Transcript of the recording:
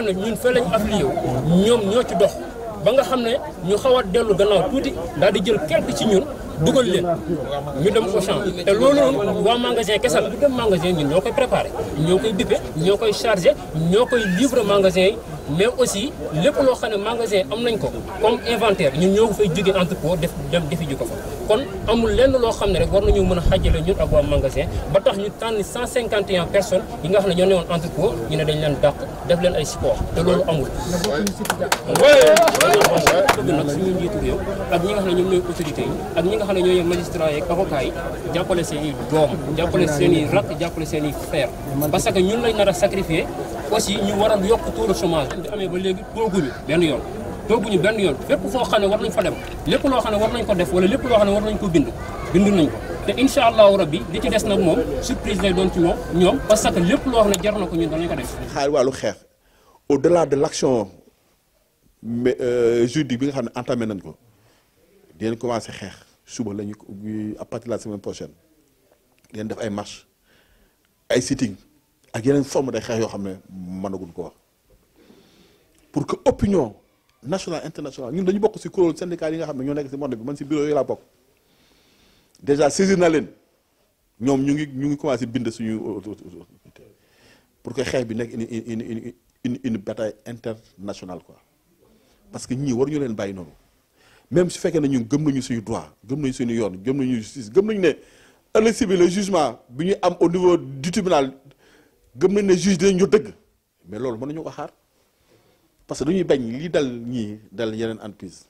xam ne ñun fee lañu affilié ñoom ñoo ci dox ba nga xam ne ñu xaw a dellu gannaaw tuuti daal di jël quelque ci ñun dugal leen ñu dem au champ te loolu noonu waa magasin kese la lu dem magasin ñun ñoo koy préparé ñoo koy bippe ñoo koy chargé ñoo koy livre magasin yi mais aussi lépp loo xam ne magasin am nañ ko comme inventaire ñun ñoo fay jóge entrepôt def dem defi ji ko fa kon amul lenn loo xam ne rek war nañu mën a xàjjale ñun ak waa magasin ba tax ñu tànn 151 personnes yi nga xam ne ñoo newoon entrepôt ñu ne dañ leen dàq def leen ay support te loolu amul bëgg nag suñu njiitu réew ak ñi nga xam ne ñoom ñooy autorités yi ak ñi nga xam ne ñooy magistrats yeeg jàppale seen i doom jàppale seen i rakk jàppale seen i frère parce que ñun lañ a sacrifier aussi ñu war a yokk taux de bi amee ba léegi tooguñu benn yoon tooguñu benn yoon lépp foo xam ne war nañ fa dem lépp loo xam ne war nañ ko def wala lépp loo xam ne war nañ ko bind bind nañ ko te incha allahu rabbi li ci des nag moom surprise lay doon ci moom ñoom parce lépp loo xam ne jar na ko ñun danañ ko def wàllu xeex au delà de l' action euh, juridique bi nga xam ne entamé nañ ko dinañ commencé xeex suba la ñu à partir semaine prochaine dinañ def ay marche ay sitting ak yeneen forme day xeex yoo xam ne ko pour que opinion nationale internationale ñun dañu bokk si kuréel syndicat yi nga xam ne ñoo nekk si monde bi man si bureau yi laa bokk déjà saisir na leen ñoom ñu ngi ñu ngi commencé bind suñu pour que xeex bi nekk une une une une bataille internationale quoi parce que ñii war ñu leen bàyyi noonu même su fekkee ne ñu gëm nañu suñu droit gëm nañu suñu yoon gëm nañu justice gëm nañu ne ëllëg si bi le jugement bi ñu am au niveau du tribunal gëm nañu ne juge dinañ ñu dëgg mais loolu mën nañu ko xaar. parce que dañuy bañ li dal ñii dal yeneen entreprise